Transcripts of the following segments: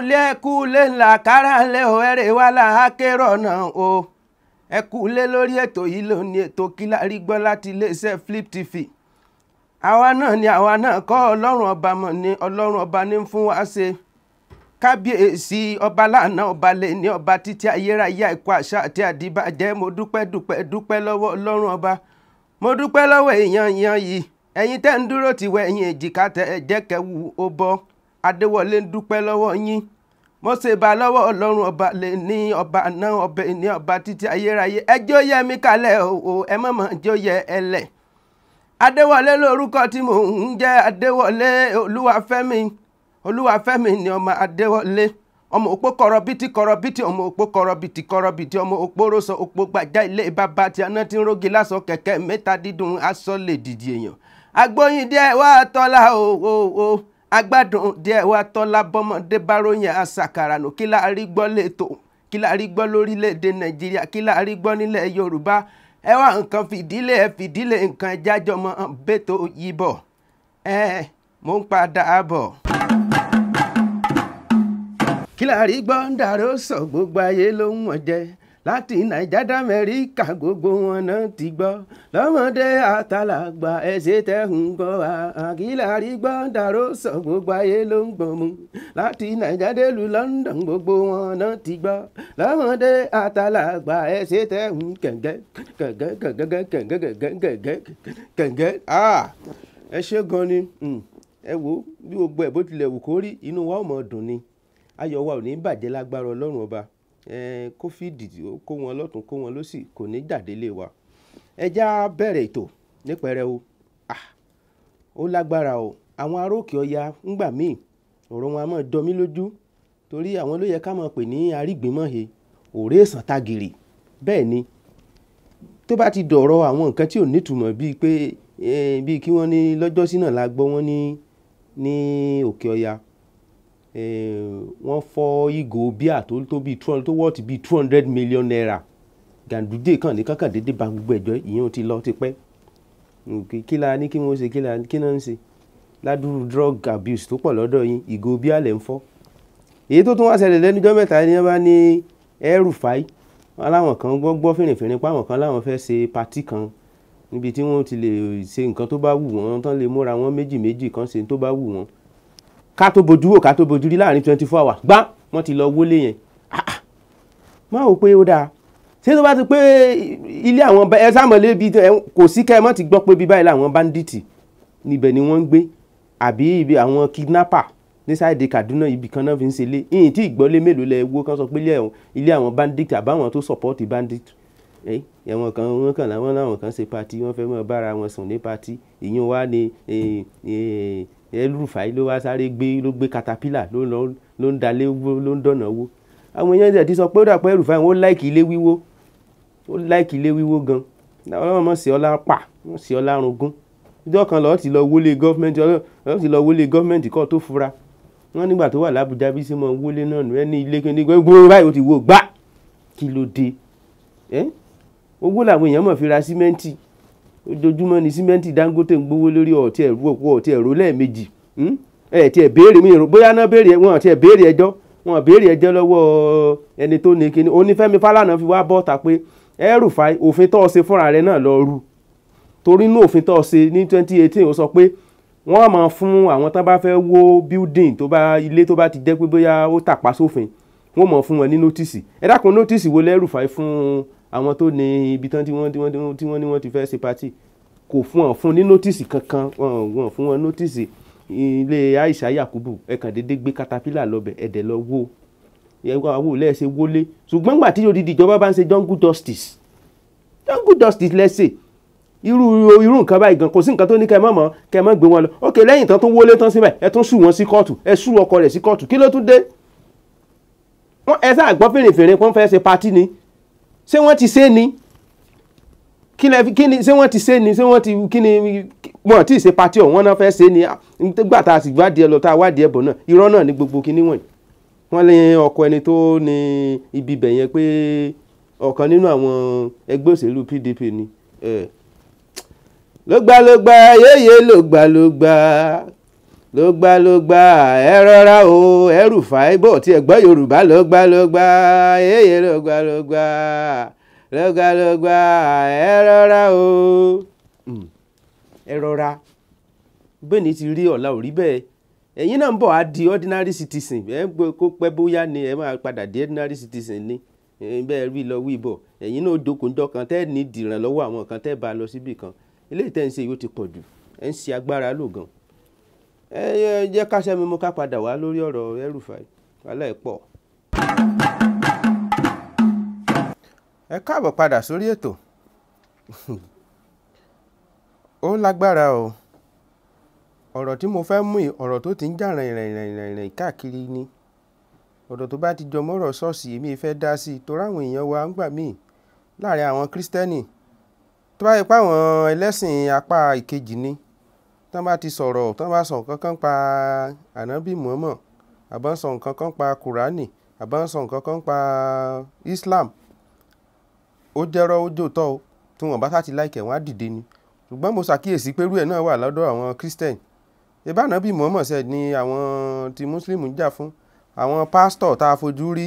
ẹkúlé ẹkúlé ńlá káràlẹ ò ẹrẹ wa là á kérò náà o ẹkúlé lórí ètò yìí lónìí ètò Kílárí gbọ́ láti iléeṣẹ́ Flip TV àwa náà ni àwa náà kọ́ ọlọ́run ọba mọ̀ ọlọ́run ọba ní fún wa ṣe kábíyèsí ọba lánàá ọba lè ní ọba títí ayérayé àìkú àṣà àti àdìbàjẹ́ mo dúpẹ́ dúpẹ́ dúpẹ́ lọ́wọ́ ọlọ́run ọba mo dúpẹ́ lọ́wọ́ èèyàn yan yìí ẹ̀yin tẹ́ ń dúró ẹ̀yin èjìká ẹ̀jẹ̀ mọ́sẹ̀ bá lọ́wọ́ ọlọ́run ọba lè ní ọba náà ọbẹ̀ ní ọba títí ayérayé ẹjọ́ yẹ mí kalẹ̀ o ẹ mọ̀mọ́ ẹjọ́ yẹ ẹlẹ̀ adéwọlé lórúkọ tí mò ń jẹ́ adéwọlé olúwafẹ́mi olúwafẹ́mi ni ọmọ adéwọlé ọmọ òpó kọrọbìtì kọrọbìtì ọmọ òpó ọmọ òpó rọsọ òpó ilé bàbá tí aná ti ń o o. o. agbádùn díẹ̀ wá tọ́lá bọ́mọdé bá ròyìn àṣàkàrànù kí láàrí gbọ́ lẹ́tọ̀ kí láàrí gbọ́ lórílẹ̀‐èdè nàìjíríà kí láàrí gbọ́ nílẹ̀ yorùbá ẹ wá nǹkan fìdílé ẹ fìdílé nǹkan jájọ mọ́ bẹ́tò yìí ẹ mò ń padà bọ̀. kí láàrí gbọ́ ń dàrú sọ gbogbo ayé ló ń wọ̀n jẹ́ láti nàìjà d'Amẹ́ríkà gbogbo wọn náà ti gbọ́ lọ́mọdé àtàlàgbà ẹ̀ṣẹ̀ tẹ̀ ń gbọ́ wa àkìlà rí dàró sọ gbogbo ayé ló ń gbọ́ mu láti nàìjà délu London gbogbo wọn náà ti gbọ́ lọ́mọdé àtàlàgbà ẹ̀ṣẹ̀ tẹ̀ ń kẹ̀ǹgẹ́ kẹ̀ǹgẹ́ kẹ̀ǹgẹ́ kẹ̀ǹgẹ́ kẹ̀ǹgẹ́ kẹ̀ǹgẹ́ ẹ ṣé gan ni hmm. ẹ wo bí gbogbo ẹ̀ bó tilẹ̀ wù kó rí inú wa ò mọ̀ dùn ni ayọ̀ wa ò ní bàjẹ́ lágbára Ọlọ́run ọba kófíìdì kó wọn lọ́tún kó wọn lọ́sì kò ní dàdélé wa ẹja bẹ̀rẹ̀ ètò nípẹ̀rẹ̀ o ó lágbára o àwọn aróòkè ọya ńgbà míì ọ̀rọ̀ wọn a máa dọmí lójú torí àwọn ló yẹ ká máa pè ní arígbìmọ̀he òré èsàn tagìrì bẹ́ẹ̀ ni tó bá ti dọ̀rọ̀ àwọn nǹkan tí ò nítumọ̀ bíi pé bíi kí wọ́n ní lọ́jọ́sí náà la gbọ́ wọ́n ní ní òkè ọya Eh, wọ́n fọ́ ìgò bíà tó tóbi two hundred tó wọ́ọ̀tì bíi two hundred million naira Ganduje kàn ní kankan déédéé ba gbogbo ẹ̀jọ́ ìyẹn ti lọ ti pẹ́ kí la ní kí wọ́n ṣe kí la kí náà ń ṣe ládùúrú drug abuse tó pọ̀ lọ́dọ̀ yín ìgò bíà lẹ̀ ń fọ́ èyí tó tún wá ṣẹlẹ̀ lẹ́nujọ́ mẹ́ta ni wọ́n bá ní El-Rufai aláwọn kan gbọ́ gbọ́ fìrìfìrì pa àwọn kan láwọn fẹ́ ṣe patí kan níbi tí wọ́n ti lè ṣe nǹkan tó bá wù wọ́n tán lè múra wọn méjì méjì kan ṣe tó bá wù wọ́n ká tó bojú wò ká tó bojú rí láàrin twenty four hours gbá wọ́n ti lọ wọlé yẹn ah, ah. máa wò pé ó dáa ṣé tó bá ti pé ilé àwọn ẹ sàmọ̀lé bíi kò sí kẹ́ ẹ mọ́ ti gbọ́ pé bíi báyìí làwọn bandits níbẹ̀ ni wọ́n ń gbé àbí ibi àwọn kidnapper ní sáìdì Kaduna ibì kan náà fi ń ṣẹlẹ̀ ìyìn tí ìgbọ́lé mélòó lẹ wó kán sọ pé ilé àwọn bandits àbáwọn tó support bandits ẹ̀wọ̀n kan wọ́n kàn láwọn láwọn kan ṣe pati wọ́n fẹ́ mọ́ bára wọn sùn ní pati ìyún wa ni El-Rufai ló wá sáré gbé ló gbé katapila ló ló ń dalé ló ń dọ̀nà wó àwọn èèyàn tẹ̀ ti sọ pé ó dàpọ̀ El-Rufai wọn ó láìkì ilé wíwó ó láìkì ilé wíwó gan ọlọ́run mọ̀ sí ọlá pa mọ̀ sí ọlá rungún ìjọ kan lọ́ọ́ ti lọ wọlé gọ́fìmẹ̀ntì ọlọ́ọ́ ti lọ wọlé gọ́fìmẹ̀ntì kọ́ tó fura wọ́n nígbà tó wà lábújá bí sí mọ̀ wọlé náà nù ẹ́ ní ilé kí ní gbogbo báyìí ó ti wò gbá kí ló dé owó làwọn èèyàn mọ̀ fi ra símẹ́ǹtì ojoojúmọ́ ni símẹ́ǹtì Dangote ń gbówó lórí ọ̀tí ẹ̀rú òkú ọ̀tí ẹ̀rú lẹ́ẹ̀mejì ẹ̀ tí ẹ̀ béèrè mi ìrò bóyá náà béèrè wọn àti ẹ̀ béèrè ẹjọ́ wọn béèrè ẹjọ́ lọ́wọ́ ẹni tó ní kíní onífẹ́mi Fálànà fi wá bọ́ta pé ẹ̀rùfáì òfin tó ṣe fúnra rẹ̀ náà lọ rú torí inú òfin tó ṣe ní eighteen ó sọ pé wọ́n máa fún àwọn tó bá fẹ́ wó building tó bá ilé tó bá ti jẹ́ pé bóyá ó tàpá sófin wọ́n mọ̀ fún wọn ní nọ́tìsì ẹ dákun nọ́tìsì wo lẹ́rù fàáyé fún àwọn tó ní ibi tán tí wọ́n tí wọ́n ní wọ́n ti fẹ́ ṣe pati kò fún wọn fún ní nọ́tìsì kankan wọn fún wọn nọ́tìsì ilé Aisha Yakubu ẹ kàn déédé gbé katapila lọ́bẹ̀ ẹ̀dẹ̀ lọ wó àwọn olóòṣè wọlé ṣùgbọ́n gbà tí odidi ìjọba bá ń ṣe jungle justice jungle justice lẹ́sẹ̀ irú irú nǹkan báyìí gan kò sí nǹkan tó ní kẹ́ mọ̀ mọ́ kẹ́ mọ́ gbé wọn lọ ok lẹ́yìn tán tó wọlé tán síbẹ̀ ẹ tún sùn wọn sí kóòtù ẹ sùn ọkọ rẹ̀ sí kóòtù kí ló tún dé wọ́n ẹ sáà gbọ́ fèrèfèrè pọ́n fẹ́ ṣe patí ni ṣé wọ́n ti ṣe ni kí ni ṣé wọ́n ti ṣe ni ṣé wọ́n ti kí ni wọ́n ti ṣe patí ọ̀hún wọ́n náà fẹ́ ṣe ni nígbà tá a sì wádìí ẹ lọ tá a wádìí ẹ bọ̀ náà irọ́ náà ni gbogbo kíní wọ̀nyí wọ́n lé ọkọ ẹni tó ní ibi ibẹ̀ yẹn pé ọ̀kan nínú àwọn ẹgbẹ́ òṣèlú PDP ni ló gbà ló gbà yéye ló gbà ló gbà lọ́gbàlọ́gbà ẹ rọra o ẹ Rufai bó tiẹ̀ gbọ́ yorùbá lọ́gbàlọ́gbà èyí lọ́gbàlọ́gbà lọ́gbàlọ́gbà ẹ rọra o. Hmm. ẹ rọra bẹ́ẹ̀ ni ti rí ọ̀la ò rí bẹ́ẹ̀ ẹ̀yin náà ń bọ̀ á di ordinary citizen ẹ kó pẹ́ bóyá ni ẹ máa padà di ordinary citizen ni bẹ́ẹ̀ rí lọ wí bọ̀ ẹ̀yin náà dokunjọ kan tẹ́ ní ìdìrànlọ́wọ́ àwọn kan tẹ́ bá lọ síbì kan eléyìí tẹ́ ń ṣe yóò ti pọ̀ jù ẹ ń ṣe agbára lò gan-an ẹ jẹ́ káṣẹ́ mi mo ká padà wá lórí ọ̀rọ̀ El-Rufai wàhálà ẹ̀ pọ̀. ẹ káàbọ̀ padà sórí ètò ó lágbára o ọ̀rọ̀ tí mo fẹ́ mú yìí ọ̀rọ̀ tó ti ń jà rìnrìnrìnrìn káàkiri ni ọ̀rọ̀ tó bá ti jọ mọ́rọ̀ ṣọ́ọ̀ṣì èmi fẹ́ dá sí i torí àwọn èèyàn wa ń gbà míì láàrin àwọn kírísítẹ́nì tó bá yẹ pé àwọn ẹlẹ́sìn apá ìkejì ni tán bá ti sọ̀rọ̀ tán bá sọ nǹkan kan pa ànábì mọ́mọ́ àbá ń sọ nǹkan kan pa kùránì àbá ń sọ nǹkan kan pa Islam ó jẹ́rọ́ ó jòótọ́ o tí wọ́n bá sá ti láìkẹ̀ wọ́n á dìde ni ṣùgbọ́n mo ṣàkíyèsí pé irú ẹ̀ náà wà lọ́dọ̀ àwọn Christian ìbá ànábì mọ́mọ́ sẹ́ ni àwọn ti Muslim ń jà fún àwọn pásítọ̀ tá a fojú rí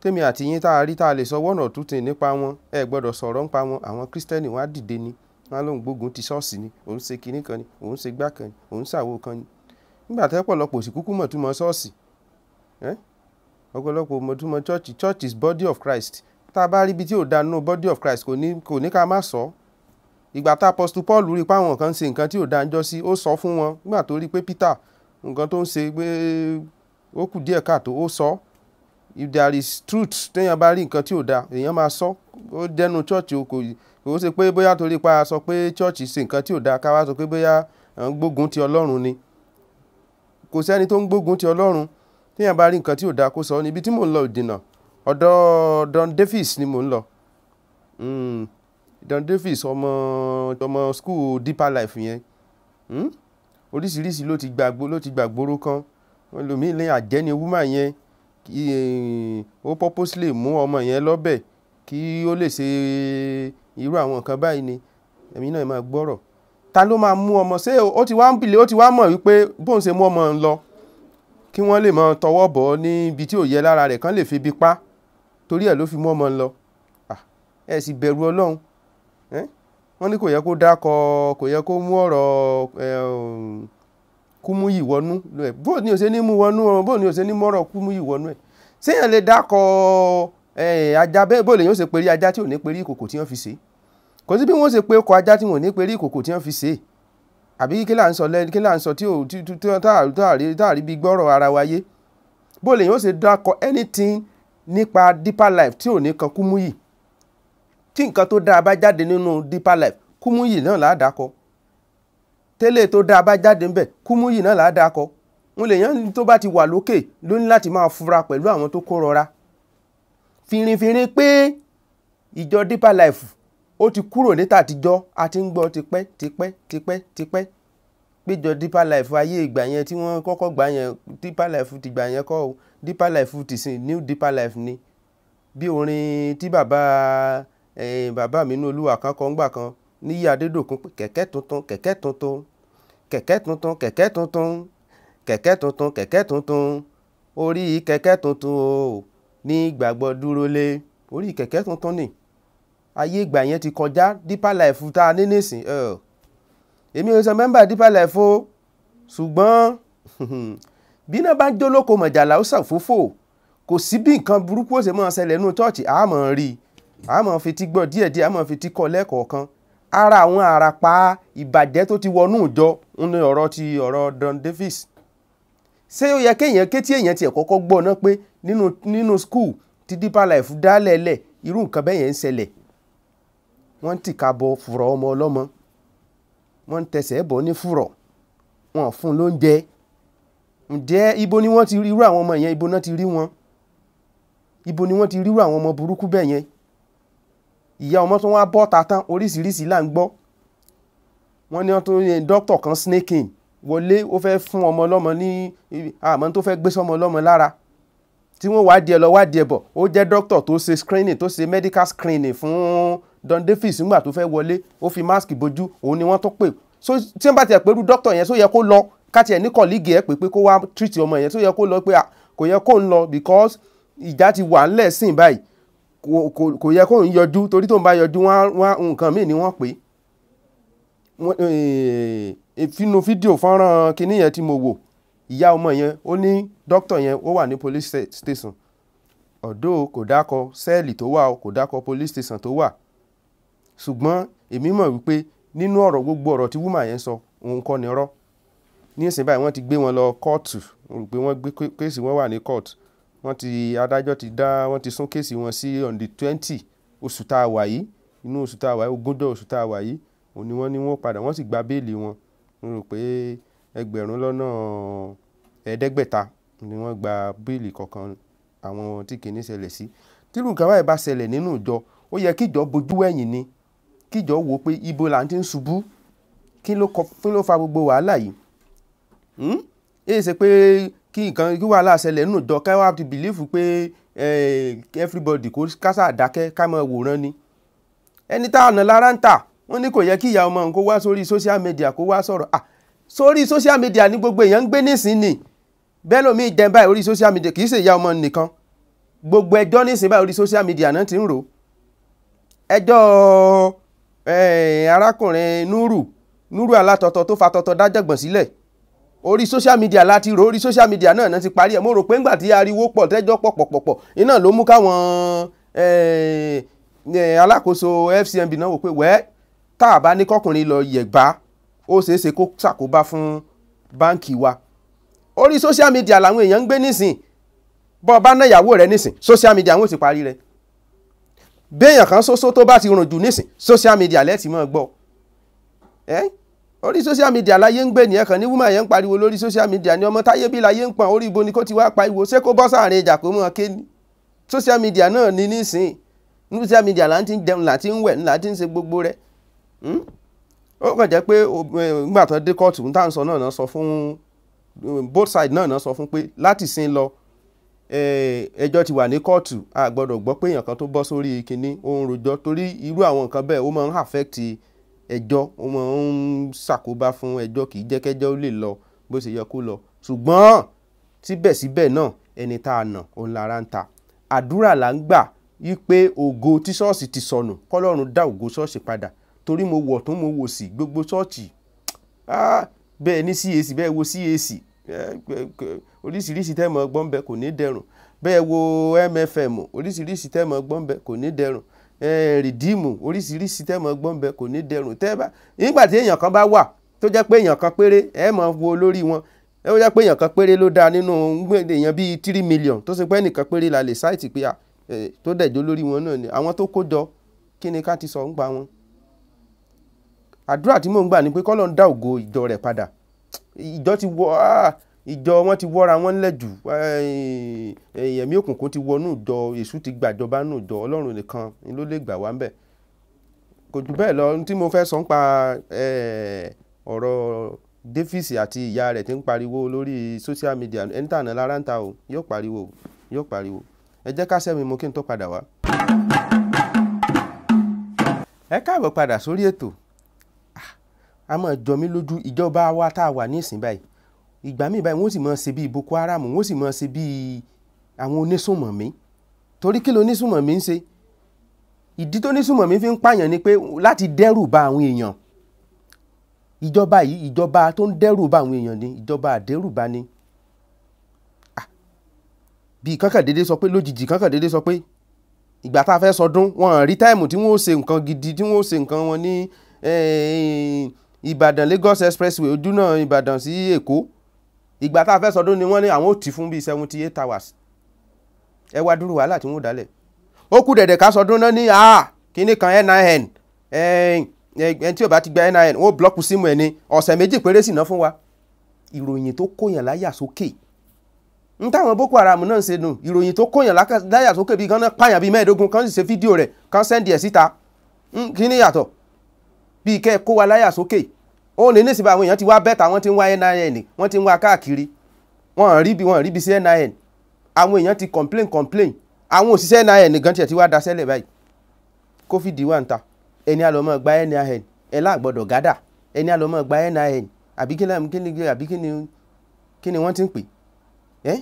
tèmi àti yín tá a rí tá a lè sọ one or two nípa wọn ẹ gbọ́dọ̀ sọ̀rọ̀ nípa wọn àwọn Christian wọ́n á dìde ni wọn á lóun gbógun ti ṣọ́ọ̀ṣì ni òun ṣe kinní kan ni òun ṣe gbá kan ni òun ṣàwo kan ni nígbà tẹ́ pọ̀lọpọ̀ òsì kúkú mọ̀ túmọ̀ ṣọ́ọ̀ṣì ọ̀pọ̀lọpọ̀ mọ̀ túmọ̀ church church is body of Christ tá a bá rí ibi tí ò da nínú body of Christ kò ní kò ní ká má sọ ìgbà tá apostle Paul rí pa àwọn kan ṣe nǹkan tí ò da ńjọ́ sí ó sọ fún wọn nígbà tó rí pé Peter nǹkan tó ń ṣe pé ó kù díẹ̀ káàtó ó sọ if there is truth téèyàn bá rí nǹkan tí ò da èèyàn máa sọ ó dẹnu church o kò yìí kò ṣe pé bóyá torí pa sọ pé chọ́ọ̀chì ṣe nǹkan tí ò dáa ká wá sọ pé bóyá gbógun ti ọlọ́run ni kò sẹ́ni tó ń gbógun ti ọlọ́run téèyàn bá rí nǹkan tí ò dáa kó sọ ọ́ níbi tí mò ń lọ ìdènà ọ̀dọ̀ Don Davis ni mò ń lọ hmm. Don Davis ọmọ ọmọ school Deeper Life yẹn hmm. oríṣiríṣi ló ti gbàgbó ló ti gbàgbóró kan ẹlòmíín lẹ́yìn àjẹ́ni woman yẹn eh, ó purposely mú ọmọ yẹn lọ́bẹ̀ kí ó lè ṣe irú àwọn nǹkan báyìí ni èmi náà máa gbọ́rọ̀ ta ló máa mú ọmọ ṣé ó ti wá ń bìlẹ̀ ó ti wá mọ̀ wípé bóun ṣe mú ọmọ ń lọ kí wọ́n lè máa tọwọ́ bọ̀ ọ́ níbi tí ò yẹ lára rẹ̀ kán lè fi bi pa torí ẹ̀ ló fi mú ọmọ ń lọ ẹ sì bẹ̀rù ọlọ́run wọ́n ní kò yẹ kó dákọ kò yẹ kó mú ọ̀rọ̀ Kúmúyì wọnú bó ni ò ṣe ní mú wọnú bó ni ò ṣe ní mú ọ̀rọ̀ Kúmúyì wọnú ẹ̀ ṣéyàn lè dákọ̀ọ́ Eh, ajá bẹ́ẹ̀ bó lè yóò ṣe perí ajá tí ò ní perí ìkòkò tí wọ́n fi ṣe kò sí bí wọ́n ṣe pé ọkọ̀ ajá tí wọ́n ní perí ìkòkò tí wọ́n fi ṣe àbí kí là ń sọ lẹ́ni kí là ń sọ tí ò táàrí bí gbọ́rọ̀ ara wa yé bó lè yóò ṣe dákọ anything nípa deeper life tí ò ní kan Kúmúyì tí nǹkan tó dáa bá jáde nínú deeper life Kúmúyì náà là á dákọ tẹ́lẹ̀ tó dáa bá jáde ńbẹ̀ Kúmúyì náà là á dákọ wọn lè yàn tó bá ti wà lókè ló ní láti máa fura pẹ̀lú àwọn tó kó rọra fìrìfìrì pé ìjọ deeper life ó ti kúrò ní tàtijọ́ a ti ń gbọ́ tipẹ́ tipẹ́ tipẹ́ tipẹ́ péjọ deeper life ayé ìgbà yẹn tí wọ́n kọ́kọ́ gbà yẹn deeper life ti gbà yẹn kọ́ o deeper life ti sìn new deeper life ni bí orin tí bàbá eh, bàbá mi inú olúwa kan kọ́ ńgbà kan níyí adédòkun kẹ̀kẹ́ tuntun kẹ̀kẹ́ tuntun kẹ̀kẹ́ tuntun kẹ̀kẹ́ tuntun kẹ̀kẹ́ tuntun kẹ̀kẹ́ tuntun orí kẹ̀kẹ́ tuntun o ní ìgbàgbọ́ dúró lé orí kẹ̀kẹ́ tuntun ni ayé ìgbà yẹn ti kọjá deeper life tá a ní nísìn èmi ò sọ mẹ́mbà deeper life o ṣùgbọ́n bí náà bá ń jólókò mọ̀jàlá ó ṣàfófò kò sí bí nǹkan burúkú ó ṣe máa ṣẹlẹ̀ nínú chọ́ọ̀chì a máa rí i a máa fi ti gbọ́ díẹ̀díẹ̀ a máa fi ti kọ́ lẹ́kọ̀ọ̀kan ara àwọn àràpá ìbàjẹ́ tó ti wọnú ìjọ ní ọ̀rọ̀ ti ọ̀rọ̀ Don Davis ṣé ó yẹ kéèyàn kétí èèyàn tiẹ̀ kọ́kọ́ gbọ́ náà pé nínú nínú school tí deeper life dálẹ̀ lẹ̀ irú nǹkan bẹ́ẹ̀ yẹn ń ṣẹlẹ̀ wọ́n ń tìka bọ fùrọ̀ ọmọ ọlọ́mọ wọ́n ń tẹsẹ̀ bọ̀ ní fùrọ̀ wọn fún lóúnjẹ ǹjẹ́ ibo ni wọ́n ti rí irú àwọn ọmọ yẹn ibo náà ti rí wọn ibo ni wọ́n ti rí irú àwọn ọmọ burúkú bẹ́ẹ̀ yẹn ìyá ọmọ tó wá bọ́ ta tán oríṣiríṣi là ń gbọ́ wọ́n ní wọ́n tó yẹ dókítà kan snaking wọlé ó fẹ́ fún ọmọ ọlọ́mọ ní àmọ́ tó fẹ́ gbé sọmọ ọlọ́mọ lára tí wọ́n wá díẹ̀ lọ wá díẹ̀ bọ̀ ó jẹ́ dókítà tó ṣe screening tó ṣe medical screening fún Don Davis nígbà tó fẹ́ wọlé ó fi mask bojú òun ni wọ́n tó pè so tí wọ́n bá tiẹ̀ pẹ̀lú dókítà yẹn só yẹ kó lọ káti ẹ̀ ní kọ̀lígì ẹ̀ pé pé kó wá treat ọmọ yẹn só yẹ kó lọ pé kò yẹ kó ń lọ because ìjà ti wà ńlẹ̀ sìn báyìí kò yẹ kó ń yọjú torí tó ń bá yọjú wọn nǹkan míì ni wọ́n pè é eh, fínú fídíò fọ́nrán kinní yẹn tí mo wò ìyá ọmọ yẹn ó ní Doctor yẹn ó wà ní police station ọ̀dọ́ kò dákọ sẹ́ẹ̀lì tó wà kò dákọ police station tó wà ṣùgbọ́n èmi mọ̀ wípé nínú ọ̀rọ̀ gbogbo ọ̀rọ̀ tí wúmà yẹn sọ òun kọ́ ni rọ́ ní ìsìn báyìí wọ́n ti gbé wọn lọ kóòtù rò pé wọ́n gbé kéèsì wọn wà ní kóòtù wọ́n ti adájọ́ ti dá wọ́n ti sún kéèsì wọn sí on the twenty oṣù tá a wà yìí inú oṣù tá a wà yìí ogúnjọ́ oṣù tá a wà yìí òun ni wọ́n ní wọ́n padà wọ́n sì gba béèlì wọn rò pé ẹgbẹ̀rún lọ́nà ẹ̀ẹ́dẹ́gbẹ̀ta ni wọ́n gba bẹ́ẹ̀lì kọ̀ọ̀kan àwọn tí kìíní ṣẹlẹ̀ sí tírù nǹkan báyìí bá ṣẹlẹ̀ nínú ìjọ ó yẹ kíjọ bojú wẹ̀yìn ni kíjọ wò pé ibo là ń ti ń ṣubú kí ló fa gbogbo wàhálà yìí èyí hmm? ṣe pé kí nǹkan kí wàhálà ṣẹlẹ̀ nínú ìjọ ká wá ti bìlífù pé everybody kò kásà dákẹ́ ká máa wòran ni ẹni tá àná lára ń tà wọ́n ní kò yẹ kí ìyá ọmọ òun kó wá sórí social media kó wá sọ̀rọ̀ ah sórí social media ni gbogbo èèyàn ń gbé nísìnyìí bẹ́ẹ̀ lómi ìdẹ́n báyìí orí social media kì í ṣe ìyá ọmọ nìkan gbogbo ẹjọ́ nísìnyí báyìí orí social media náà ti ń rò ẹjọ́ arákùnrin Nuru Nuru alátọ̀tọ̀ tó fa tọ̀tọ̀ dájàgbọ̀n sílẹ̀ orí social media láti rò orí social media náà náà ti parí ẹ̀ mo rò pé ńgbà tí ariwo pọ̀ tẹ́jọ́ pọ̀ pọ̀pọ̀pọ̀ iná ló mú káwọn alákòóso FCMB náà wò pé wẹ́ẹ́ tá a bá ní kọkùnrin lọ yẹ̀gbá ó ṣeé ṣe kó ṣàkóbá fún báǹkì wa orí social media làwọn èèyàn ń gbé nísìn bọ́ ọ bá ná ìyàwó rẹ nísìn social media wọn ò ti parí rẹ béèyàn kan ṣoṣo tó bá ti rùn jù nísìn social media lẹ́ẹ̀tì máa gbọ́ ẹ́ orí social media láyé ń gbé nìyẹn kan ní woman yẹn ń pariwo lórí social media ní ọmọ táyé bí láyé ń pọ̀n orí ibo ni kó ti wá pariwo ṣé kó bọ́ sáàrin ìjà kó mọ̀ ké ní social media náà ni nísìn social media là ń ti dẹun là ń ti ń wẹ̀ là ń ti ń ṣe gbogbo rẹ̀ hmm? ó kàn jẹ́ pé nígbà tó dé kóòtù ń tà ń sọ náà náà sọ fún both side náà náà sọ fún pé láti sin lọ ẹjọ́ ti wà ní kóòtù a gbọ́dọ̀ gbọ́ pé èèyàn kan tó bọ́ sórí kinní ó ń rojọ́ torí irú àwọn nǹkan bẹ́ẹ̀ ó máa ń affect ẹjọ́ ó máa ń ṣàkóbá fún ẹjọ́ kì í jẹ́kẹ́jọ́ ó lè lọ bó ṣe yẹ kó lọ ṣùgbọ́n síbẹ̀síbẹ̀ náà ẹni tá a nà òun lára ń ta àdúrà là ń gbà yí pé ògo tí ṣọ́ọ̀ṣì ti sọnù kọ́lọ́run dá ògo ṣọ́ọ̀ṣì padà torí mo wọ̀ tó mo wò sí gbogbo ṣọ́ọ̀ṣì ah, bẹ́ẹ̀ ní CAC bẹ́ẹ̀ wo CAC oríṣiríṣi tẹ́mọ̀ gbọ́n bẹ kò ní dẹrùn bẹ́ẹ̀ wo MFM oríṣiríṣi tẹ́mọ̀ gbọ́n bẹ kò ní dẹrùn rìdíìmù oríṣiríṣi tẹ́mọ̀ gbọ́n bẹ kò ní dẹrùn tẹ́ẹ̀bá nígbà tí èèyàn kan bá wà tó jẹ́ pé èèyàn kan péré ẹ̀ mọ̀ wo lórí wọn ẹ̀ jẹ́ pé èèyàn kan péré ló dáa nínú èèyàn bíi three million tó ṣe pé ẹnìkan péré la lè sáìtì pé a tó dẹ̀jọ́ lórí wọn náà ni àwọn tó kó jọ kí ni ká ti sọ ń pa wọn àdúrà tí mò ń gbà ni pé kọ́lọ́ ń dá ògo ìjọ rẹ̀ padà ìjọ ti wọ ah, ìjọ wọn ti wọra wọn lẹ́jù eh, eh, ẹ̀mí òkùnkùn ti wọnú ìjọ èṣù ti gbàjọba nù ìjọ ọlọ́run nìkan ló lè gbà wá ń bẹ̀ kò jù bẹ́ẹ̀ lọ tí mo fẹ́ sọ ń pa eh, ọ̀rọ̀ davis àti ìyá rẹ̀ ti ń pariwo lórí social media ẹni tàná o yóò pariwo yóò pariwo ẹ jẹ́ ká sẹ́mi mo kí n tó padà wá. ẹ káàbọ̀ padà sórí ètò a máa jọ mí lójú ìjọba wa tá a wà ní ìsìn báyìí ìgbà míì báyìí wọ́n sì máa ṣe bíi Boko Haram wọ́n sì máa ṣe bíi àwọn onísùnmọ̀mí torí kí ló onísùnmọ̀mí ń ṣe ìdí tó onísùnmọ̀mí fi ń pààyàn ni pé láti dẹ́rù ba àwọn èèyàn ìjọba yìí ìjọba tó ń dẹ́rù ba àwọn èèyàn ni ìjọba àdẹ́rùba ni ah! bí kánkàndéédé sọ pé lójijì kánkàndéédé sọ pé ìgbà tá a fẹ́ sọdún wọn rí táìmù tí wọ́n ó ṣe nǹkan gidi tí wọ́n ó ṣe nǹkan wọn ní eh, ìbàdàn lagos expressway ojúnà ìbàdàn sí èkó ìgbà tá a fẹ́ sọdún ni wọ́n ní àwọn ò tì fún bíi seventy eight hours ẹ wá dúró wàhálà tí wọ́n dálẹ̀ ó kú dẹ̀dẹ̀ ká sọdún náà ní a kínní kan nin ẹn tí ò bá ti gba nin ó blọọkù símù ẹ ní ọ̀sẹ̀ méjì péré sì ná fún wa ìròyìn tó kóyàn láyà sókè n táwọn boko haram náà ń ṣe nù ìròyìn tó kóyàn láyà sókè bíi kan náà pààyàn bíi mẹ́ẹ̀ẹ́dógún kan sì ṣe fídíò rẹ̀ kan sẹ́ndì ẹ̀ síta kí ni yàtọ̀ bíi kẹ́ ẹ kó wa láyà sókè òun ní nísìbà àwọn èèyàn ti wá bẹ́tà wọ́n ti ń wá NIN wọ́n ti ń wá káàkiri wọ́n rí bí wọ́n rí bí sí NIN àwọn èèyàn ti complain complain àwọn òṣìṣẹ́ NIN gan tiẹ̀ ti wá daṣẹ́lẹ̀ báyìí covid wà ń ta ẹni àlọ́mọ gba NIN ẹ láàgbọ́dọ̀ gádà ẹni àlọ́mọ gba NIN àbí kí ni àbí kí ni kí ni wọ́n ti ń pè ẹ́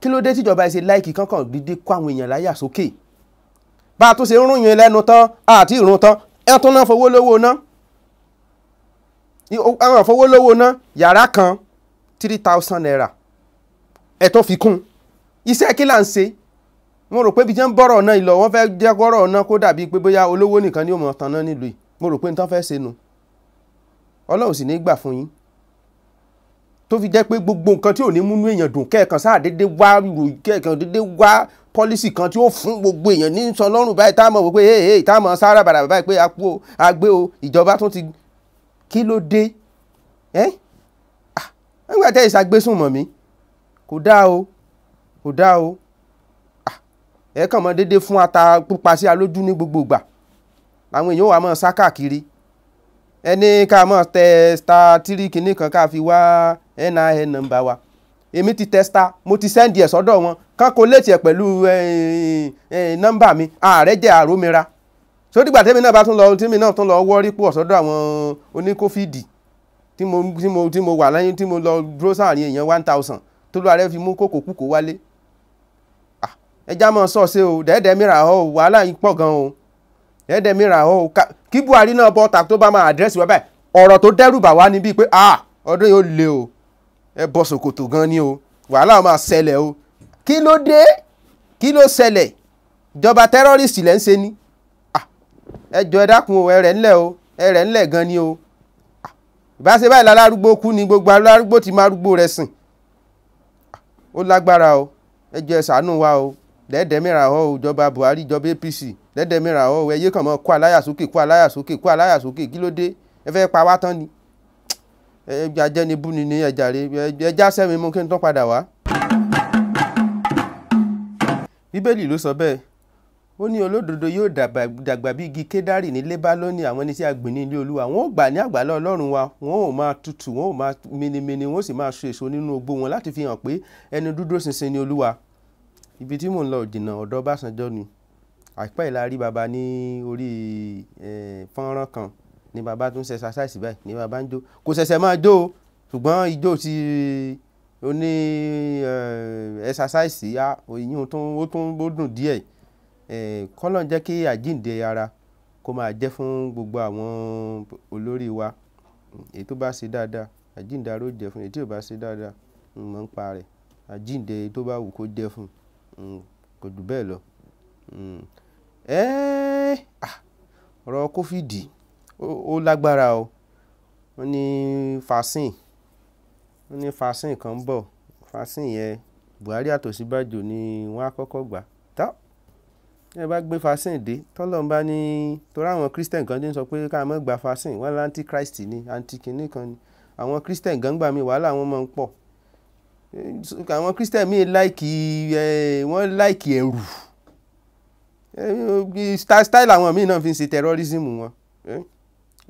kí ló dé tíjọba ẹ ṣe láìkì kankan dídé kó àwọn èèyàn láyà sókè bá a tún ṣe ń rún yín lẹ́nu tán àti ìrún tán ẹ tún náà fowó lówó ná àwọn fowó lówó ná yàrá kan three thousand naira ẹ tó fi kún iṣẹ́ kí là ń ṣe mo rò pé ibi jẹ́ ń bọ̀rọ̀ náà ìlọ wọ́n fẹ́ jẹ́ gbọ́rọ̀ náà kó dàbí pé bóyá olówó nìkan ni òmùọ̀ tán náà nílùú yìí mo rò pé n tán fẹ́ ṣe nu ọlọ́run sì ní gbà fún yín tó fi jẹ́ pé gbogbo nǹkan tí ò ní múnú èèyàn dùn kẹ́ẹ̀kan sáà déédéé wá kẹ́ẹ̀kan déédéé wá pọ́lísì kan tí ó fún gbogbo èèyàn ní sọ lọ́rùn báyìí tá a mọ̀ pé ee ee tá a mọ̀ sára bàrà báyìí pé apò agbé o ìjọba tún ti kí ló dé ẹ́ ah, nígbà tẹ́ ìṣàgbésùn mọ̀ mí kò dáa o kò dáa o ah, ẹ kàn mọ́ déédéé fún ata pupa sí alójú ní gbogbo ìgbà làwọn èèyàn wà mọ́ sá káàkiri ẹni ká mọ́ tẹ star three kìíní kan ká fi wá nin nọ́mbà wa èmi ti testa mo ti sẹ́ndì ẹ̀ sọ́dọ̀ wọn kán kó létí ẹ̀ pẹ̀lú eh, eh, nọ́mbà mi ààrẹ jẹ́ àrómira sódìgbà tèmi náà bá tún lọ tèmi náà tún lọ wọ́rí pò sọ́dọ̀ àwọn oníkófìdì tí mo tí mo tí mo wà lẹ́yìn tí mo lọ dúró sáàrin èèyàn one thousand tó ló ààrẹ fi mú kókò kúkò wálé ẹja mọ̀ sọ̀ọ́sẹ́ o dẹ́ẹ̀dẹ́ mìíràn ọ̀ wàhálà yìí pọ̀ gan o dẹ́ẹ̀dẹ́ mìíràn ọ̀ kí Buhari náà bọ́ ta tó bá máa àdírẹ́sì wá báyìí ọ̀rọ̀ tó dẹ́rù bà wá níbí pé ọdún yìí ó le o ẹ bọ́ ṣòkòtò gan ni o wàhálà máa ṣẹlẹ̀ o kí ló dé kí ló ṣẹlẹ̀ ìjọba tẹ́rọ́rìsì lẹ́ ń ṣe ni ah, ẹ jọ ẹ dákun o ẹrẹ̀ ńlẹ̀ o ẹrẹ̀ ńlẹ̀ gan ni o ah, ìbáṣe báyìí lálárúgbó kú ni gbogbo alárúgbó ti máa rúgbó rẹ̀ sìn ah, ó lágbára o ẹ jọ ẹ ṣàánú wa o lẹ́ẹ̀dẹ́mìíràn ọ̀ ìjọba Buhari ìjọba APC lẹ́ẹ̀dẹ́mìíràn ọ̀ ẹ̀yẹ kàn mọ́ kó aláyà sókè kó aláyà sókè kó aláyà sókè kí ló dé ẹ fẹ́ pa wá tán ni ẹja jẹnibú ni ní ẹja rẹ ẹja sẹ́mi mú kí n tún padà wá. bíbélì ló sọ bẹ́ẹ̀ ó ní olódodo yóò dàgbà bí igi kédárì ní lébálónì àwọn ẹni tí a gbìn ní ilé olúwa wọn ò gbà ní àgbàlá ọlọ́run wa wọn ò máa tutù wọn ò máa minimini wọn ò sì máa so èso nínú ogbó wọn láti fi hàn pé ẹni dúdú ṣinṣin ni olúwa ibi tí mò ń lọ òdìnà ọ̀dọ̀ Ọbásanjọ́ ni àìpẹ́ ìlà rí baba ní orí fọ́nrán kan ni bàbá tún ṣe exercise báyìí ni bàbá ń jó kò ṣẹ̀ṣẹ̀ máa jó o ṣùgbọ́n ijó ti ó ní eh, exercise á ìyún ó tún ó dùn díẹ̀ eh, kọ́lọ́n jẹ́ kí àjíǹde ara kó máa jẹ́ fún gbogbo àwọn olórí wa èyí tó bá ṣe dáadáa àjíǹde ara ó jẹ́ fún èyí tí ò bá ṣe dáadáa mọ̀ ń pa rẹ̀ àjíǹde tó bá wù kó jẹ́ fún mm, kò jù bẹ́ẹ̀ lọ mm. eh, ah, ọ̀rọ̀ kófìdì ó lágbára o wọ́n ní fasin wọ́n ní fasin kan bọ̀ fasin yẹn Buhari àtòsíbàjò ni wọ́n á kọ́kọ́ gbà tá ẹ bá gbé fasin dé tọ́lọ́n bá ní torí àwọn Christian kan ti ń sọ pé ká má gba fasin wọ́n lá anti Christ ni anti kìnní kan ni àwọn Christian gangba mi wàhálà wọn máa ń pọ̀ àwọn Christian mi láìkì ẹ wọ́n láìkì ẹ̀rù style àwọn míì náà fi ń ṣe terrorism wọn. Eh?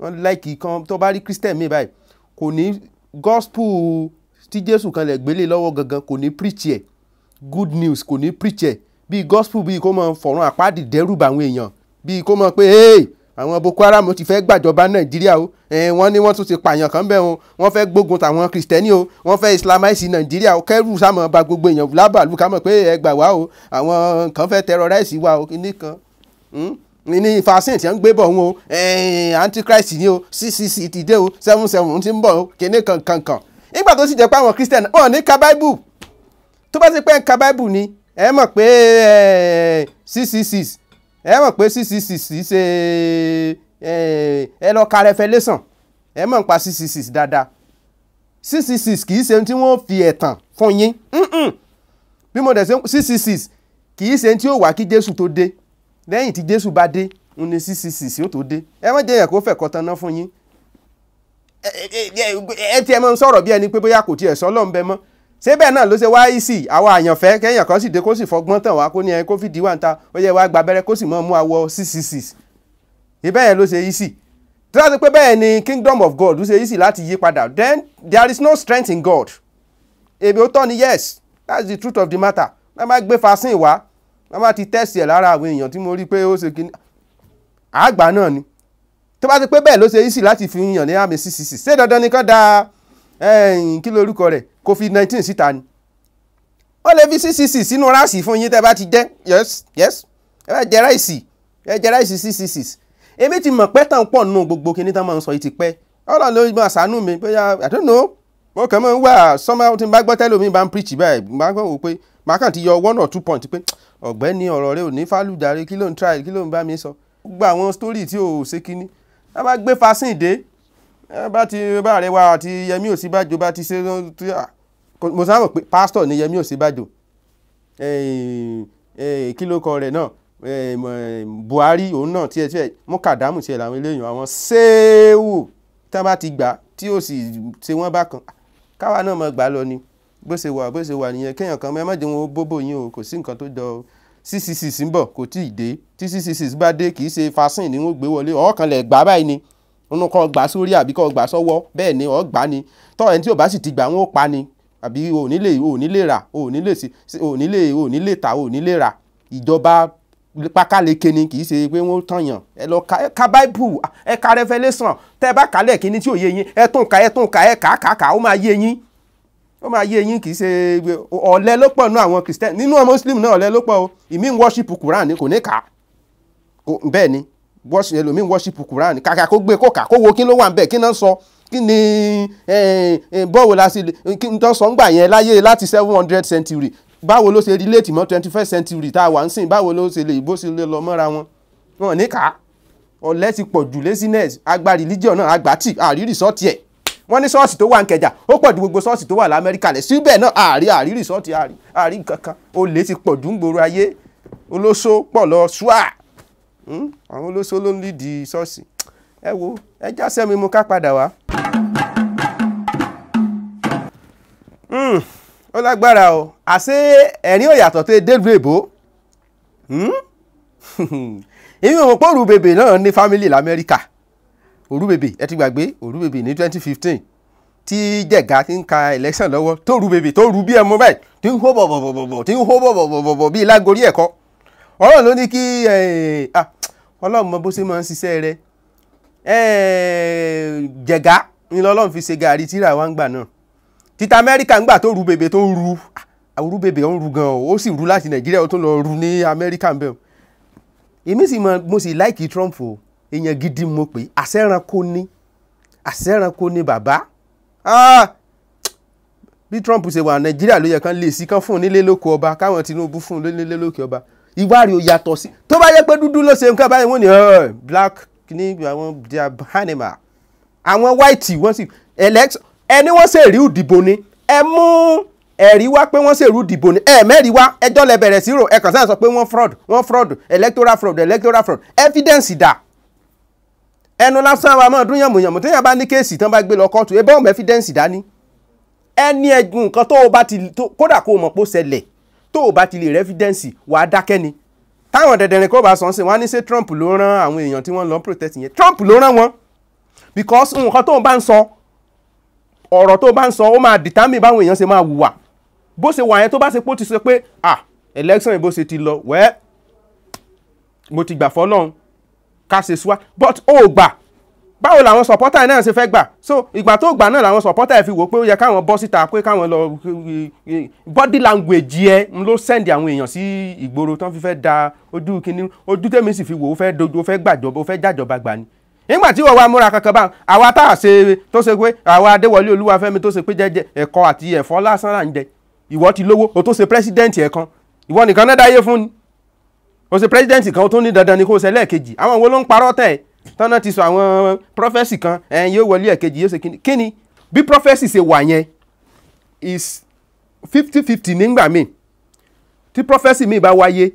wọ́n láìkì kan tó bá rí christian mi báyìí kò ní gospel tí jésù kan lè gbélé lọ́wọ́ gangan kò ní preach ẹ̀ good news kò ní preach ẹ̀ bíi gospel bíi kó mọ fọ̀rọ̀ àpáàdì dẹ́rùbà àwọn èèyàn bíi kó mọ pé hey àwọn boko haram ti fẹ́ gbàjọba nàìjíríà o wọ́n ní wọ́n tún ti pààyàn kan bẹ́ẹ̀ o wọ́n fẹ́ gbógun tàwọn kìrìsìtẹ́nì o wọ́n fẹ́ islamize nàìjíríà o kẹ́rù sámọ̀ ba gbogbo èèyàn lábàlú ká mọ̀ pé ẹ gbà wá o àwọn kan fẹ́ terrorize wa o kìíní kan hmm? ní vaccine tí wọ́n ń gbé bọ̀ wọn o antichrist ni o ccc ti dé o seven seven ti ń bọ̀ o kìíní kankankan nígbà tó sì jẹ́ pé àwọn christian wọn ò ní ka bible tó bá ti pẹ́ ń ka bible ni ẹ mọ̀ pé ccc ẹ mọ̀ pé ccc ṣe ẹ lọ ka revelation ẹ mọ̀ nípa ccc dáadáa ccc kì í ṣe tí wọ́n fi ẹ̀tàn fún yín bí mo dẹ̀ ṣe ccc kì í ṣe tí ó wà kí jésù tó dé lẹ́yìn tí jésù bá dé n ní sí sí sí sí ó tó dé ẹ má jẹ́ yẹn kó fẹ̀kọ́ tanná fún yín ẹ tiẹ̀ mọ́ ń sọ̀rọ̀ bí ẹni pé bóyá kò tiẹ̀ sọ́lọ́ ń bẹ mọ́ síbẹ̀ náà ló ṣe wá ìsì àwọn àyànfẹ́ kẹ́yìn kan sì dé kó sì fọgbọ́n tàn wá kó ní ẹ kó fìdí wà ń ta ó yẹ wá gba abẹ́rẹ́ kó sì mọ́ mú awọ six six six ibẹ̀ yẹn ló ṣe ìsì tí wọ́n ti pé bẹ́ẹ̀ ni kingdom of God ló ṣe ìsì láti yí padà then there is no strength in God èmi ó tọ́ ni yes that's the truth of the matter ẹ má gbé fasin wá wọ́n bá ti tẹ́sì ẹ̀ lára àwọn èèyàn tí mo rí pé ó ṣe kíní àgbà náà ni tó bá ti pé bẹ́ẹ̀ ló ṣe easy láti fi yàn ní àmì ccc ṣé dandan ni kán da kí lorúkọ rẹ̀ covid nineteen síta ni wọ́n lè fi ccc sínú ráìsì fún yín tẹ́ bá ti jẹ́ yes yes ẹ bá jẹ ráìsì ẹ jẹ ráìsì ccc èmi ti mọ̀ pẹ́ tán pọ̀ nù gbogbo kíní tán máa ń sọ yìí ti pẹ́ ọlọ́run ló máa ṣàánú mi bóyá I don't know mo kàn máa ń wà sọ́mọ́ tí n bá gbọ́ tẹ́lómi bá ń preach báyìí máa ń gbọ́ wò pé màá kàn ti yọ one or two points. pé ọ̀gbẹ́ni ọ̀rọ̀ rẹ ò ní fálùdarí kí ló ń try kí ló ń bá mi sọ gba àwọn story tí ò ṣe kínní a bá gbé fasin dé bá ti bá rẹ wa àti Yẹmí Ọ̀ṣínbàjò bá ti ṣe mo sábà pé pásítọ̀ ni Yẹmí Ọ̀ṣínbàjò kí ló kọ rẹ̀ náà Buhari òun náà tiẹ̀ tiẹ̀ mú kàdámù tiẹ̀ làwọn eléyìí àwọn séèwù tí wọ́n bá ti gbà tí ó sì ṣe wọ́n bákan káwa náà mọ̀ gbà lọ ni bó ṣe wà bó ṣe wà nìyẹn kéèyàn kan ẹ má jẹun ó bóbó yín o kò sí nǹkan tó jọ o ccc ń bọ̀ kò tí ì dé tí ccc bá dé kì í ṣe fasin ni wọ́n gbé wọlé ọ̀ọ́kan lẹ̀ gbà báyìí ni nínú kọ́ gbà sórí àbí kọ́ gbà sọ́wọ́ bẹ́ẹ̀ ni ọ̀ọ́ gbà ni tọ́ ẹni tí ò bá sì ti gbà wọ́n ó pa ni àbí ò ní lè ò ní lè rà ò ní lè ò ní lè ìjọba pákáleke ni kì í ṣe pé wọ́n tànyàn ẹ lọ ka ẹ ka bible ẹ ka revelation tẹ́ ẹ bá kálẹ̀ kíní tí ò yé yín ẹ tún ka ẹ tún ka ẹ kà á kà ó máa yé yín ó máa yé yín kì í ṣe ọ̀lẹ ló pọ̀ nú àwọn christian nínú àwọn muslim náà ọ̀lẹ ló pọ̀ o ìmí ń wọ́ṣípù quran ni kò ní kà á bẹ́ẹ̀ ni ẹlòmíín wọ́ṣípù quran kàkà kó gbé kó kà kó wo kí ló wà ń bẹ̀ kí náà sọ kí ni bọ́wọ́ la sí kí n tán sọ ń gbà yẹn láyé láti seven hundred century báwo ló ṣe relate mọ́ twenty first century tá a wà ń sìn báwo ló ṣe lè bó ṣe lè lọ mọ́ra wọn wọn ní kà á ọ̀lẹ ti pọ̀ jù laziness agbá religion náà agbá tì àrí rìsọ́ọ̀tì ẹ̀ wọ́n ní ṣọ́ọ̀ṣì tó wà ń kẹjà ó pọ̀ ju gbogbo ṣọ́ọ̀ṣì tó wà lamẹ́ríkà lẹ̀ síbẹ̀ náà àárí àárí rìsọ́ọ̀tì àárí àárí kankan olè ti pọ̀ ju ń gbòòrò ayé olóṣó pọ̀ lọ ṣúà hmm? àwọn olóṣó ló ń lídìí ṣọ́ọ̀ṣì ẹ wo ẹ já sẹ́mi mu ká padà wá. Hmm, ó lágbára o àṣé ẹ̀rín ò yàtọ̀ tó délùú hmm? èbó èmi ò mọ̀ pé òrùbèbè náà ní fámìlì lamẹ́ríkà Orúbèbè ẹ ti gbàgbé Orúbèbè ní twenty fifteen tí jẹ̀gá ti ń ka election lọ́wọ́ tó Orúbèbè tó rú bí ẹmu báyìí tí ń hó bọ̀bọ̀bọ̀bọ̀ tí ń hó bọ̀bọ̀bọ̀bọ̀ bíi lágorí ẹ̀kọ́ ọlọ́run ló ní kí ọlọ́run mọ bó ṣe máa ń ṣiṣẹ́ rẹ jẹ̀gá ni lọ́lọ́run fi ṣe gàrí tíra wa ń gbà náà títa Amẹ́ríkà ń gbà tó Orúbèbè tó ń ru Orúbèbè ó ń ru gan ó sì ru láti Nàìjíríà ó tún lọ ru ní Amẹ́ríkà ń bẹ̀ èmi sì mọ mo sì láìkì Trump o èèyàn gidi mo pè àṣẹranko ni àṣẹranko ni bàbá ah! bí Trump ṣe wà Nàìjíríà ló yẹ kán lè sí kán fún un nílé lóko ọba káwọn Tinubu fún un nílé lóko ọba ìwárí o yàtọ̀ sí tó bá yẹ pé dúdú ló ṣe nǹkan báyìí wọ́n ní black ní àwọn dia animal àwọn white wọ́n sì elect ẹni wọ́n ṣèrí ìdìbò ni ẹ mú ẹ̀rí wá pé wọ́n ṣèrú ìdìbò ni ẹ mẹ́rìí wá ẹjọ́ lẹ bẹ̀rẹ̀ sí rò ẹ kàn sáà sọ pé wọ́n fraud wọ́n fraud electoral fraud electoral fraud evidence dà ẹnu lásán wa máa dún yànmùyànmù téèyàn bá ní kéèsì tán bá gbé lọ kóòtù ẹ bá òun ẹfídẹ́ǹsì dání ẹni ẹgùn nǹkan tó o bá ti kódà kó o mọ̀ pó ṣẹlẹ̀ tó o bá ti lè rẹ́fídẹ́ǹsì wà á dákẹ́ ni táwọn dẹ̀dẹ̀rìn kó bá sọ̀nsìn wọ́n á ní ṣe Trump ló rán àwọn èèyàn tí wọ́n lọ protest yẹn Trump ló rán wọn because nǹkan tó o bá ń sọ ọ̀rọ̀ tó o bá ń sọ ó máa determine báwọn èèyàn ṣe máa wùwà bó ṣe wà yẹn tó bá ṣe pé ó ti sọ pé ah election ìbò ṣe ti lọ wẹ́ẹ́ mo ti gbà fọ́ lọ́hùn ká ṣe ṣúwá but ó gbà báwo làwọn supporter náà ṣe fẹ́ gbà so ìgbà tó gbà náà làwọn supporter fi wò pé ó yẹ káwọn bọ́ síta pé káwọn lọ body language yẹ n ló send àwọn èèyàn sí ìgboro tán fi fẹ́ da ojú kínní ojú tèmi sì fi wò ó fẹ́ dojú ó fẹ́ gbàjọba ó fẹ́ jàjọba gbà ni nígbà tí wọ́n wá múra kankan báwọn àwa tá a ṣe tó ṣe pé àwa adéwọlé olúwafẹ́mi tó ṣe pé jẹjẹ ẹ̀kọ àti ẹ̀fọ́ lásán là ń jẹ ìwọ ti lówó o tó ṣe pírẹsidẹ́ǹtì ẹ̀kan ìwọ nìkan náà dáyé fún ni o ṣe president kan tó ní dandan ni kó o ṣe lẹ́ẹ̀kejì àwọn wo ló ń parọ́ tẹ̀ tọ́nà ti sọ àwọn prophesy kan ẹ̀yìn yóò wọlé ẹ̀kejì yóò ṣe kíni kíni bí prophesy ṣe wà yẹn is fifty fifty nígbà míì tí prophesy mi bá wáyé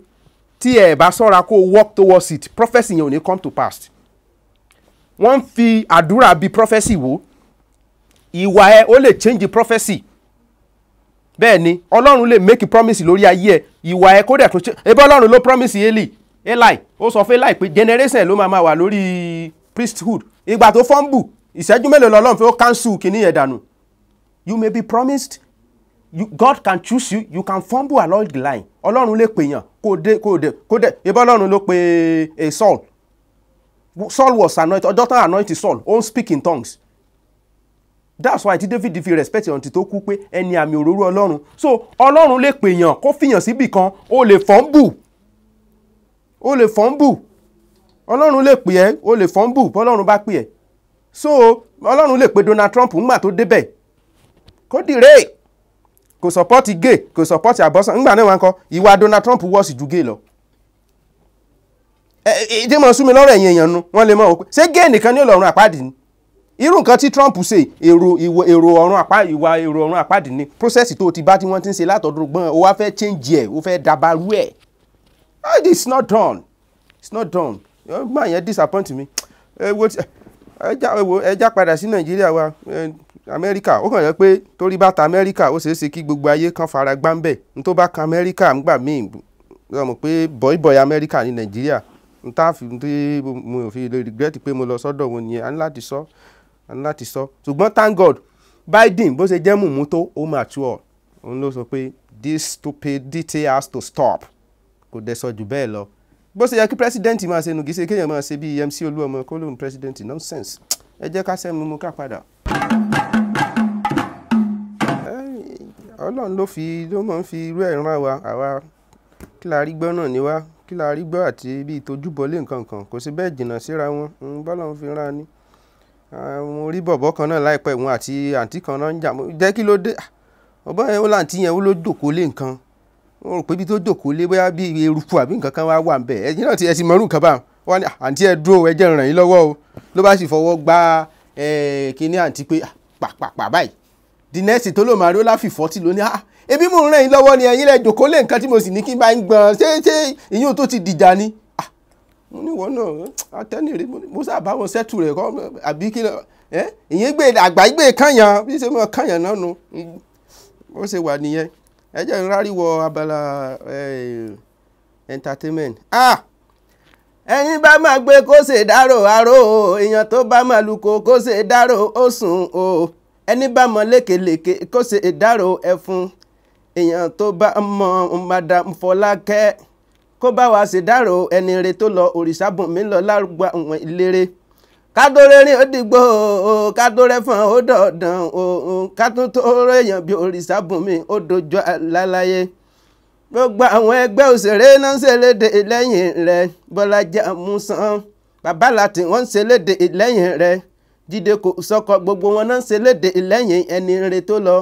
tí ẹ̀ bá sọ́ra kó work towards it prophesy yẹn ò ní come to pass wọ́n fi àdúrà bíi prophesy wo ìwà ẹ̀ ó lè change the prophesy bẹ́ẹ̀ ni ọlọ́run lè make promise lórí ayé ẹ ìwà ẹ kódà tó ṣe ebi ọlọ́run ló promise eli eli ó sọ fún eli pé generation ẹ ló máa máa wà lórí priesthood ìgbà tó fọ́nbù ìṣẹ́jú mélòó lọ́lọ́run fi ó cancel kínní yẹn dànù you may be promised you, God can choose you you can fumble along the line ọlọ́run lè pèèyàn kó dé kó dé kó dé ebi ọlọ́run ló pe eh, Saul Saul was anointed ọjọ́ tán anointed Saul ó ń speak in tongues that's why ti David fi respect ọ̀ǹtì tó ku pe ẹni àmì òróró ọlọ́run so ọlọ́run lè pèèyàn kó fìyàn síbì kan o lè fọ́n bù o lè fọ́n bù ọlọ́run lè pè ẹ́ ó lè fọ́n bù bọ́lọ́run bá pè ẹ́ so ọlọ́run lè pe Donald Trump ńgbà tó débẹ̀ kó dìre kò support gay kò support abọ́sàn ńgbà náà wọn kọ ìwà Donald Trump wọ́ọ̀sì ju gay lọ ẹ ẹ jẹ́ mọ̀ súnmi lọ́rọ̀ ẹ̀yìn èèyàn nu wọ́n lè mọ̀ wọ́n pé ṣé gay nìkan ní ọlọ́run àpáàdì ni irú nǹkan tí Trump ṣe èrò ìwọ èrò ọ̀run àpá ìwà èrò ọ̀run àpáàdì ni process tó ti bá tí wọ́n ti ń ṣe látọ̀dún gbọ́n o wá fẹ́ change ẹ̀ o fẹ́ dabarú ẹ̀ ah, it is not done it's not done gbọ́n àyẹn disappoint mi ẹja padà sí Nàìjíríà wa Amẹ́ríkà ó kàn yẹ pé torí bá ta Amẹ́ríkà ó ṣeé ṣe kí gbogbo ayé kan fara gbá ń bẹ̀ n tó bá kan Amẹ́ríkà ń gbà míì mọ̀ pé bọ̀ìbọ̀ì Amẹ́ríkà ní Nàìjíríà n tá fi mo fi regret pé mo lọ sọ́dọ̀ wọn nìyẹn a ní láti sọ. So láti sọ ṣùgbọ́n thank God Biden bó ṣe jẹ́ mùmú tó ó mature òun ló sọ pé this stupidity has to stop kò dẹ̀ sọ jù bẹ́ẹ̀ lọ bó ṣe yẹ kí president máa ṣe nùgíṣe kéèyàn máa ṣe bíi MC Olúọmọ kó lóun president nonsense ẹ jẹ́ ká sẹ́mu mú ká padà. ọlọ́run ló fi ló máa ń fi irú ẹ̀ ràn wá àwa kí la rí gbọ́ náà ni wá kí la rí gbọ́ àti bíi tójúbọlé nǹkan kan kò sí bẹ́ẹ̀ jìnnà síra wọn bọ́lá ń fi rán ni. Ah, mo rí bọ̀bọ̀ kan náà láìpẹ́ òun àti àǹtí kan náà ń jà jẹ́ kí ló dé ah, ọ̀bọ̀ yẹn ó láǹtí yẹn ó ló jókòó lé nǹkan mo rò pé ibi tó jókòó lé bóyá bí eruku àbí nǹkan kan wá wà ń bẹ̀ ẹ̀yin náà ti ẹ ti mọ̀rún nǹkan bá wọn ni àǹtí ẹ dúró ẹ jẹ́ ràn yín lọ́wọ́ o ló bá sì fọwọ́ gba kíní àǹtí pé ah, pàpàpà báyìí the next tó lò máa rí ó láfi fọ́tì lónìí ah ebi mo ń ràn yín lọ́wọ́ ni ẹ̀yin lẹ jókòó lé nǹkan tí mo sì ní kí n bá ń gbọ́n ṣé ṣé ìyún tó ti dìjà ni mo ní ìwọ náà atẹ́nìrè mo sábà wọn sẹ́tù rẹ̀ kọ́ àbí kí ẹ ìyẹn gbé àgbà gbé kànyàn bí ṣe mọ kànyàn náà nu ó ṣe wà nìyẹn ẹ jẹ́ ń ráríwọ abala entertainment ah bá máa gbé kó ṣe dárò aró èèyàn tó bá máa lùkò kó ṣe dárò ó sùn o ẹni bá mọ lékelèké kó ṣe dárò ẹfun èèyàn tó bá mọ madam Fọlákẹ́ kó bá wa ṣèdárò ẹni rẹ tó lọ òrìṣàbùnmí lọ lárúgba òun ìlérè kádóré rìn ó dìgbò kádóré fún ó dọ̀dàn kátúntò rèèyàn bí òrìṣàbùnmí ó dojú àlàláyé gbogbo àwọn ẹgbẹ́ òṣèré náà ń ṣèlédè lẹ́yìn rẹ̀ bọ́lájà musan bàbá láti wọ́n ń ṣèlédè lẹ́yìn rẹ̀ jíde kò sọ́kọ gbogbo wọn náà ń ṣèlédè lẹ́yìn ẹni rẹ tó lọ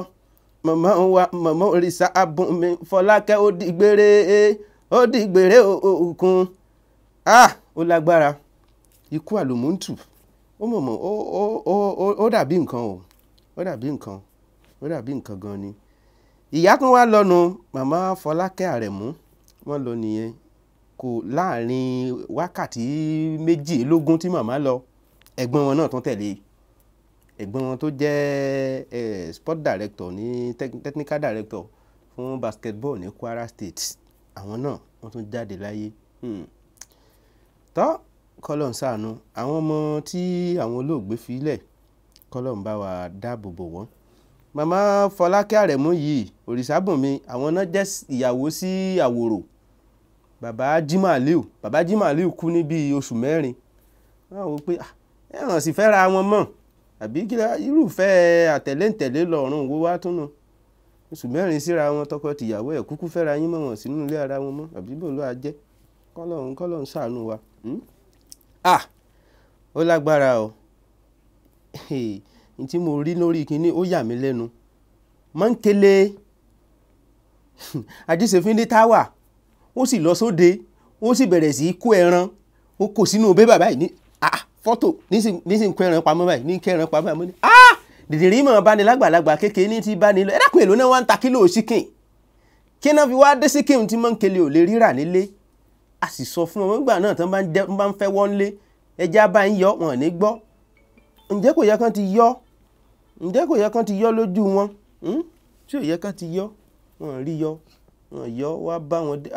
mọ̀mọ́ wa mọ̀mọ́ òrìṣàbùnmí fọlákẹ́ ó dìgbére ó di gbèrè òkun ah ó lágbára ikú àlòmọ́ǹtù ó mọ̀mọ́ ó ó ó dàbí nǹkan o ó dàbí nǹkan ó dàbí nǹkan gan ni ìyá tún wá lọ́nu màmá Fọlákẹ́ Àrẹ̀mú wọ́n lọ nìyẹn kò láàrin wákàtí méjìlélógún tí màmá lọ ẹ̀gbọ́n wọn náà tún tẹ̀lé ẹ̀gbọ́n wọn tó jẹ́ eh, sport director ní technical director fún basketball ní Kwara State àwọn náà wọ́n tún jáde láyé hmm. tọ́ kọ́lọ̀ ń ṣàánú àwọn ọmọ tí àwọn olóògbé fi lẹ̀ kọ́lọ̀ ń bá wa dáàbò bò wọ́n màmá fọlákẹ́ àrẹ̀mú yìí òrìṣàbùnmi àwọn náà jẹ́ ìyàwó sí àwòrò bàbá jimá aliu bàbá jimá aliu kú ní bíi oṣù mẹ́rin wọ́n wò pé ah, ẹ̀ràn sì fẹ́ ra wọn mọ̀ àbí irúfẹ́ àtẹ̀léǹtẹ̀lé lọ́rùn wo wá túnú oṣù mẹ́rin síra wọn tọkọ tìyàwó ẹ̀ kúkú fẹ́ra yín mọ̀ wọ́n sínú ilé ara wọn mọ́ àbí bò ló ajẹ́ kọ́lọ́hún kọ́lọ́hún ṣàánú wa. Hmm? ah ó lágbára o n tí mo rí lórí kinní ó yà mí lẹ́nu mọ́ńkélé àdìsẹ́fíndé táwà ó sì lọ sóde ó sì bẹ̀rẹ̀ sí í kó ẹran ó kò sínú bébà báyìí ní ah, fọ́tò nísìnyí kó ẹran pamọ́ báyìí ní kẹ́ran pamọ́ báyìí dìdìrí mọ̀ bá ní lágbàlagbà kékeré ní ti bá nílò ẹ dákun èlò náà wá ń ta kílò síkìn kí náà fi wá dé síkìn tí mọ̀ ń kele ò lè rírà nílé a sì sọ fún ọmọ nígbà náà tán bá ń fẹ́ wọ́n lé ẹja bá ń yọ wọn ní gbọ́ ǹjẹ́ kò yẹ kán ti yọ ǹjẹ́ kò yẹ kán ti yọ lójú wọn tí hmm? ò yẹ kán ti yọ wọn rí yọ wọn yọ wá bá wọn dé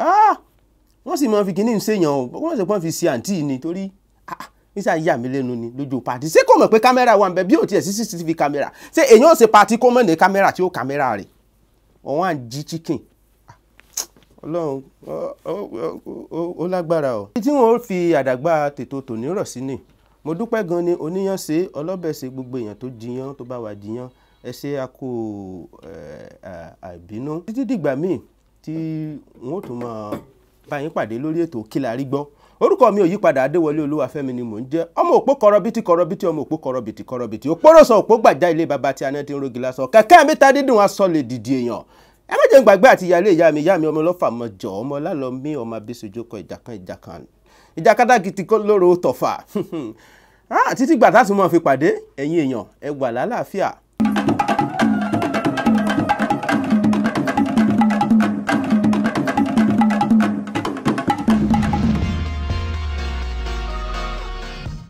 wọ́n sì máa fi kíní ń ṣèyàn o wọ́n sì pọ́n fi ṣe àǹtí ni torí níṣà yà mí lẹ́nu ni lójú pàtí ṣé kò mọ̀ pé kámẹ́rà wà ń bẹ bí ò tiẹ̀ sí cctv kámẹ́rà ṣé èèyàn ò ṣe pàtí kó mọ̀ ní kámẹ́rà tí ó kámẹ́rà rẹ̀ ọ̀hún à ń jí chicken ọlọ́run ó lágbára o. tí wọ́n fi àdàgbà tètò tòní rọ̀ sí ni mo dúpẹ́ gan ni oníyàn ṣe ọlọ́bẹ̀ ṣe gbogbo èèyàn tó jiyàn tó bá wà jiyàn ẹ ṣe a kò àìbínú títí dìgbà míì tí wọ́n tún máa bá pàdé lórí ètò kí gbọ́ orúkọ mi ò yípadà adéwọlé olúwàfẹ́mi ni mò ń jẹ́ ọmọ òpó kọrọbìtì kọrọbìtì ọmọ òpó kọrọbìtì kọrọbìtì òpóròsọ òpó gbàjá ilé baba tí aná ti ń rogi lásán kẹ̀kẹ́ mi ta dídùn aṣọ lè dìdì èèyàn ẹ má jẹ́ ń gbàgbé àti ìyáálé ìyá mi ìyá mi ọmọ ọlọ́fà mọ jọ ọmọ lálọ́ mi ọmọ abẹ́sojúkọ ìjàkan ìjàkan ìjàkadà gidi lóró tọ̀fà ah, títí gbà tá a tún mọ̀ fi pàdé ẹ̀yin èèyàn